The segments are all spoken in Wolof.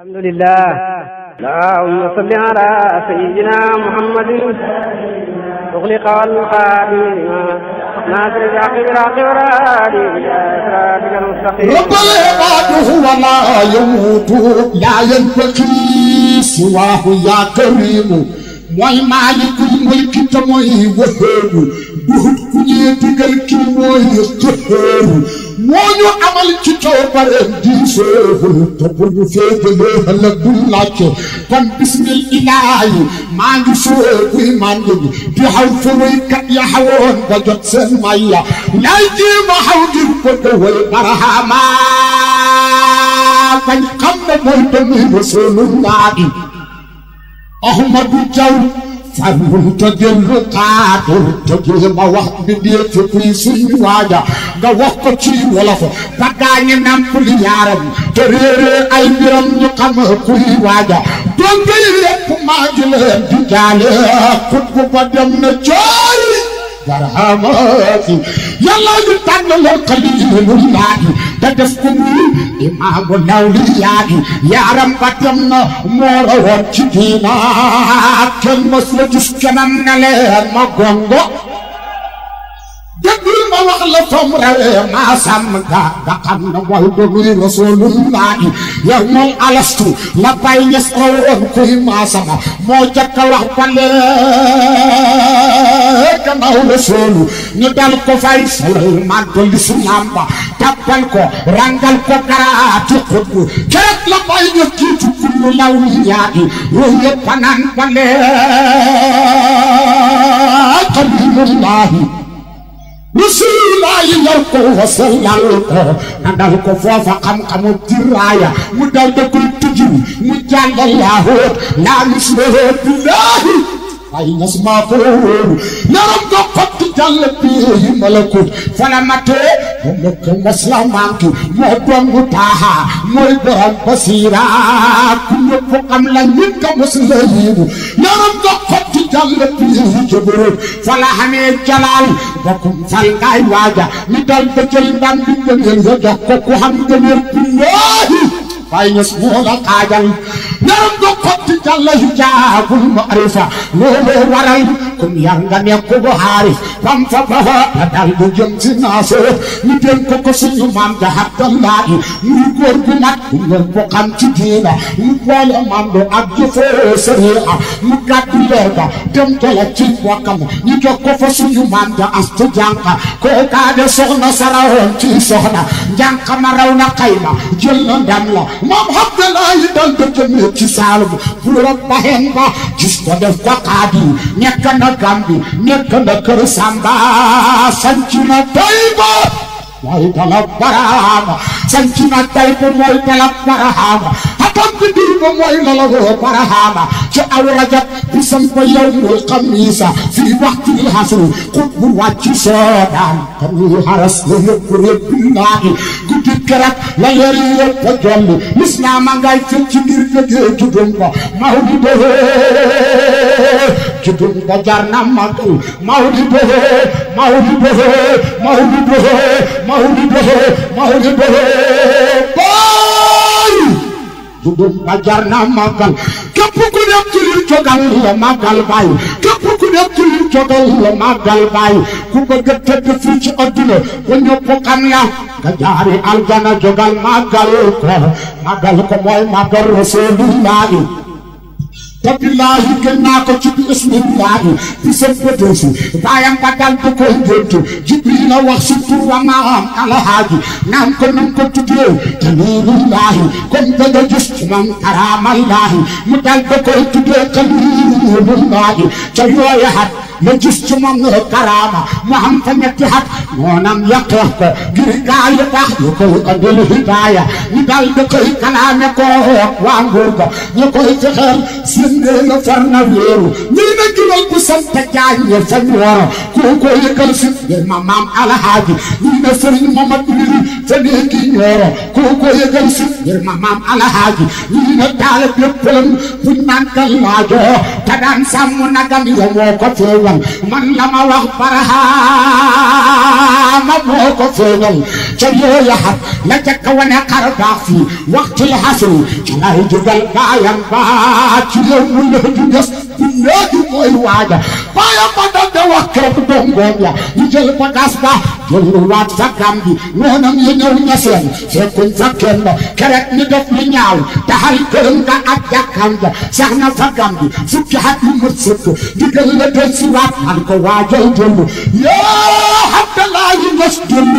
الحمد لله اللهم صل على سيدنا محمد أغلق القادم ما ترجع في والهادي إلى رب العباد هو يموت لا ينتقي سواه يا كريم mooy moo ñu amal ci coobareem diiseeful te bu ñu féetalee ëllëg du laajte kon bismil ilaahi maa ngi suwee kuy màndi di xaw furuy kat ya xawoon ba jot seen maya yaay jéema xaw ngir ko dëwal barahama bañ xam na mooy dëmi rasulullah ahmadu jaw fagul te jël xaatul te jël ma wax bi dee ci kuy suñu waaja nga wax ko ci wolof pagaañi namp li ay mbiram ñu xam kuy waaja donc lépp maa ngi di jaale kut bu ba na coori barahama yàlla ñu tànn leen xalilu da def ko muy imaamu lawliyaa yi yaaram ba dem na moo rawoon ci diina kenn mos la gis leen ma gongo déglu ma wax la tom rawee maa sàmm ga nga xam ne wal dogri alastu la bay ñes rawoon kuy moo jëkk a wax bale gannaaw rasulu ñu ko fay suleyman ko lislaam ba ko rangal ko garaati xutb keet la bay ñes jiitu kullu law yaati ruux yëpp fanaan bale defar ko wasallal ko andal ko foofa xam-xamu diraaya mu dal da koy tujjul mu jàngal yaa hóot laa mislahu billaahi ay ñas maa ko wóoru yaram ko xottu jàll bii malakut fala matee mu nekk maslamanki moo dongu taaha mooy borom basira ku ñëpp xam la ñin ka mos la yiibu yaram ko xott jàllat yi jëbërëb fa la xamee jalaal bokkum fal ngaay waaja mi dal ba jël ndam bi ngëneel ya jox ko ku xam ngëneel billaahi bàyyi ñes moo la xaajal ngaram do kotti jalla hijabul ma'rifa lolo waral kum yanga nekkugo haari fam fa baha badal bu jëm ci naaso ñu den ko ko suñu maam ja abdallahi muy góor gu nag ngeen ko xam ci diina mu boole maam do ak jëfoo sëriya mu gàddu leega dem tole ci bokkam ñu jox ko fa suñu maam ja astu jànka ko kaade soxna sarawoon ci soxna jànka ma raw na xayma jël na ndam la maam abdallahi dal da jëmee kisalbu hura bahemba jisko def ko kadu nekk na gambi nekk na kër samba sanci na tayba mooy dalab barahama sanci na tayba mooy dalab barahama atam bi biir ba mooy malawoo barahaama ci aw rajab bisan ba yawmul xamiisa fii waxtil hasri xutbu wàcc soodaan xamul haras la yëpp yëpp naaxi guddi kerat la leer yi a jolli mis naa ma ngay ci ngir jógee judum ba maw di dohee judum ba jar na magal maw di dohee maw di dohee maw di dohee maw di dohee maw di dohee dugub ba jar na màggal képp ku dem jullit jógal la màggal baay képp ku dem jullit jógal la màggal baay ku bëgg a tëdd ci adduna ba ñëpp na nga aljana jógal màggal ko màggal ko mooy màggal rasulillaahi te billaahi gën naa ko ci bismillaahi bi sa pëdësi baayam ba dal bu koy géntu jibril la wax si tur wa maam alhaaji naan ko nan ko tuddee jaliilillaahi kon danga gis ci man karaamallaahi mu dal ba koy tuddee jaliilillaahi ca yooya hat يجسمم كرامة مهم فنكحت ونم يقف جرقال يقف يقول الهداية يقال بكي كلام يقوه وانغورك يقول تخير سنين فرنا ويرو مين جنال كسم تجاني فنورا كوكو يقل سنين ممام على هادي مين سرين ممت ويرو فنيكي نورا كوكو يقل سنين ممام على هادي مين تالب يبلم بنان كالواجه تدان سامونا كان يومو كفوا feeñal man la ma wax barahaama moo ko feeñal ca yooya xar la jëkk wane xar baax fii waxtu la xasri ci lay jugal baayam baa ci réew mu la du des bu léegi mooy waaja baayam ba dal de wax keroog dongoom ya ñu jël bagaas ba loolu waat sakkam bi noonam yi ñëw ñaseen fekkuñ fa kenn keret ni def lu ñaaw taxal këram nga ak jàkkam ja sax na sakkam bi fukki at yu mët sëkk digal la del si waat an ko waajal démb yoo Abdalaayi ñes démb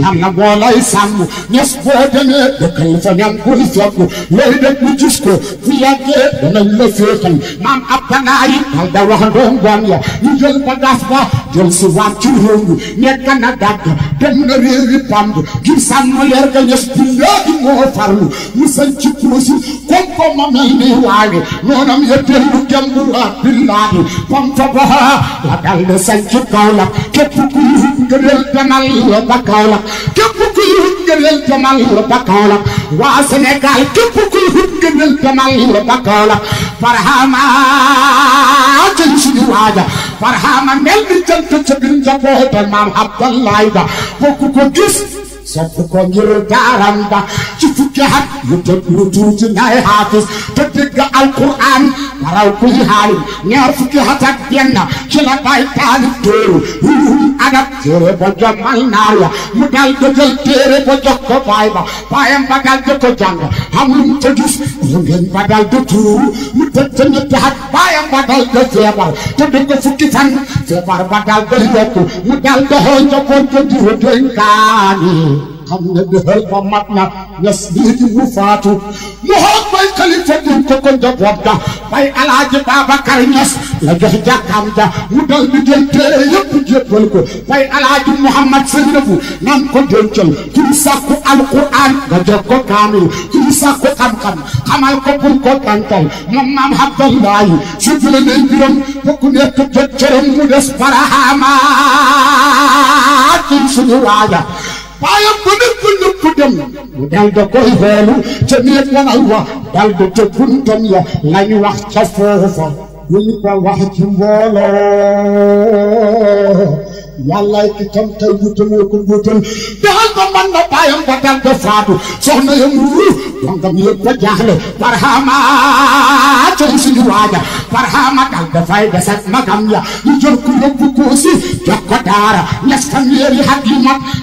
yàlla moo lay sàmm ñes boo demee dëkkal fa ñam buy fekk looy def ñu gis ko fu yàggee danañ la féexal maam Abdalaayi dal da wax ndoom gon ya ñu jël bagaas ba jël si wàccu réew mi nekk na dàgg dem na réeri pànd ngir sàmm leer ga ñes billaahi moo farlu mu sañ ci kuusi comme ma mel ni waagi noonam yëttel du kenn du waat pam fa baa la dal de sañ ci Kaolack képp ku yuhut ngëneel demal la ba Kaolack képp ku yuhut ngëneel demal la ba Kaolack waa Sénégal waaja barhama mel ni jant ca biir njabootam maam Abdoulaye Ba bokk ko gis sopp ko ngir daaram ba ci fukki at lu tëdd lu tuuti nay xaafis tëdd nga alquran waraw ku ñu xaalim ñaar fukki at ak benn ci la bay taalif téere ruuhum adab téere ba jommal naar ya mu dal dëggal téere ba jox ko baay ba baayam ba dal di ko jàng am lu mu ca gis ngeen ba dal di tuuru mu tëj ca ñetti at baayam ba dal di feebar te di ko fukki fan feebar ba dal di yokku mu dal doxoo njaboot ko juróom-benn kaani xam ne dëxal ba mat na ñas bii di mu faatu mu xool bay xalifa dem ko ko njaboot ga bay alaaji Babacar Ñas la jox jàkkaam ja mu dal di jël téere yëpp jébbal ko bay alaaji Mouhamad Sërifu nan ko dencal kii sàkku alquran nga jox ko kaamil kii sàkku xam-xam xamal ko pour ko tàntal moom maam Abdallahi sifile nañ biram ba ku nekk jot cëram mu des barahaamaat suñu waaja waaye bu ne bu ñëpp dem mu dal da koy xoolu ca néeg la ngay wax dal da ca ya lañ wax ca foofa ñu ko wax ci mbooloo yàllaay ki tam tay guutal yoo ko guutal daal ba man na baayam ba dal ba faatu soxna yam ruur bangam yëpp ba jaaxle barhama coow suñu waaja barhama dal dafay desat magam ya ñu jël ko yóbbu kuusi jox daara ñes kam yéeri xat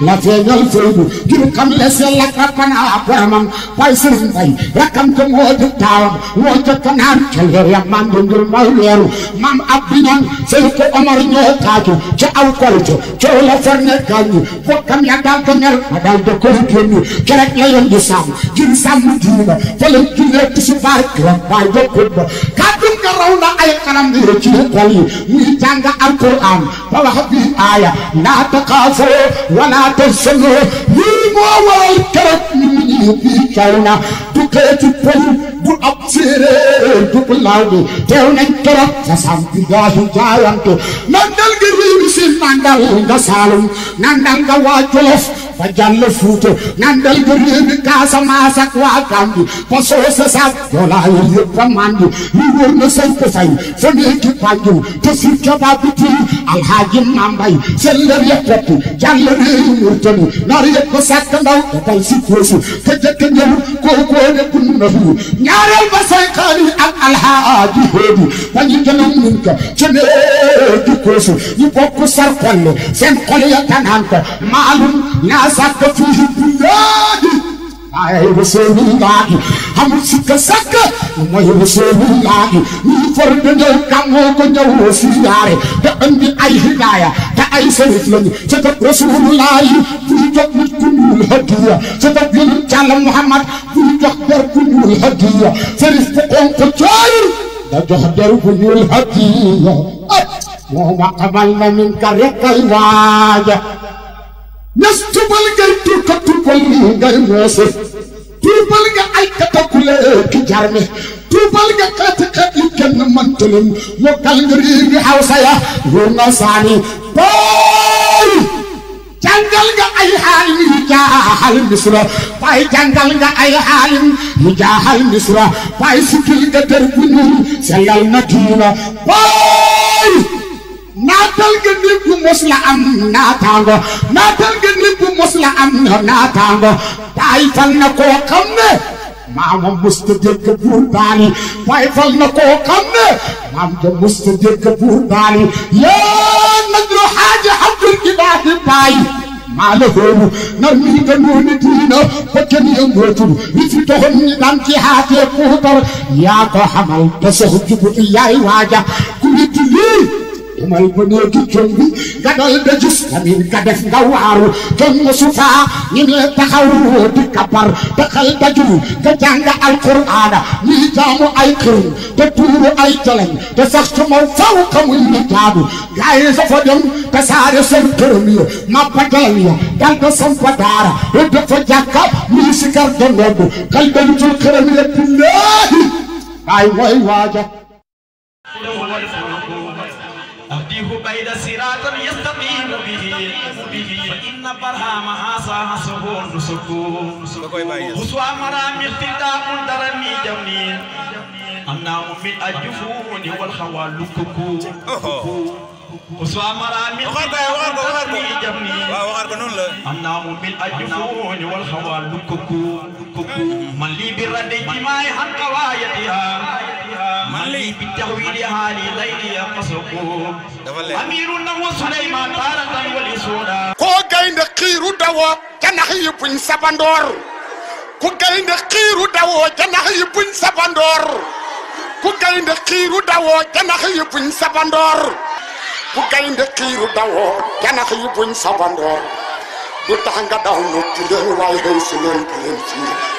la feeñal fëydu ngir xam lese lakka panaa boromam bay sëriñ bay rakkam ko moo taawam moo jëkka naar man ngir may leeru maam abdi ñan sëy ko omar ñoo ca aw kol coow la fa nekkal ñu bokkam ya daal ko ñal ma daal ko ko génn kerek la yoon di sàmm jin sàmm diina fa la jullee tisbaar kiram baay ba kubba kàddum nga raw na ay xaram di ci xol yi muy jàng alquran ba wax bi aaya laa taqaafoo wala tahzanoo lii moo waral kerek ñu ñu bi caaw na tukkee ci pël bu ab séeréer dugg laaw bi teew nañ torop sa sant gaasu jaayantu nandal nga réew mi si nandal nga Saalum nandal nga waa nandal nga réew mi waa Gàmbi fa saak joolaayu yëpp fa màndi na say ko say fa néegi te sir kebaa bi tii Mambay sellër ya koppi jàll réew ko sàkk ndaw te tay si koosu ka ñaareel ba say xaali ak alxaaji xóodu wañu gënam mun ko ci nee jukkoosu ñu bokk sar seen xol ya tanaan maalum naa sàkk fii billaadi ay rasuulullaahi amul sikka sàkk mooy rasuulullaahi ñu for de ñëw kàngoo ko ñëw si yaare te andi ay hidaaya te ay sërif lañu ca tab rasuulullaahi fii jot nit ku ñuul hadiya ca tab yonent càll Muhammad bul jox der bu ñuul hadiya sëris bu xonq cooyul da jox der bu ñuul hadiya moo ma xamal na min ka rek kay waaja nas tubal ngay turka tubal ngay moose turbal nga ay katakule ki jarme turbal nga xeeti xeet yu kenn mëntalim mokkal nga riir gi xaw saya wóor na saani boo jangal nga ay xaalim yu jaaxal misra waaye jangal nga ay xaalim yu jaaxal misra waaye sukkil nga dër bu ñuul sellal na diina waay naatal nga nit bu mos la am naataango naatal nga nit bu mos la am naataango waaye fal na koo xam ne maama musta dégg buur baani waaye fal na koo xam ne maam ja musta dégg buur baani yaa nag lu xaaja abdul ilaahi baay maale hooru narmiiɗo nduuɗi diino hokkeniyo gootuɗo wifito honni ɗanti haa te kuutor yaako hamal to soh jubuɗo yayi waaja ko witti lii demal ba néegi jom bi nga doy ba gis lamin ka def nga waaru jom musu faa ñi ne taxaw di taxal ba juru te jàng alquraana ñii jaamu ay kërum te tuuru ay jëlañ te sax ci faw xamuñ li jaadu gaa yi dafa dem te saare seen këram yi màppa jëlañ ya dal te sampa daara te dafa jàkka mii sikar de noddu xal dañu ci këram ya billaahi waay mooy waaja اهدنا الصراط يستقيم به به فإن برهامها سهسه نسك وسوى مرام اقتداء درمي جميل أنا أمي أجفون والخوال كوكو وسوى مرام درمي جميل أنا أمي أجفون والخوال كوكو من لي برد جماعي حق وايتها لي بالتحويل حالي زيني يقصكم أمير النهو سليمان تارة والإسونا كو غاين خيرو دوا جنحي بن سبندور كو غاين خيرو دوا جنحي بن سبندور كو غاين خيرو دوا جنحي بن سبندور ku gaynde xiiru dawoo janax yi buñ sabandoor du tax nga daw noppi leen waaye xëy si leen di leen fiir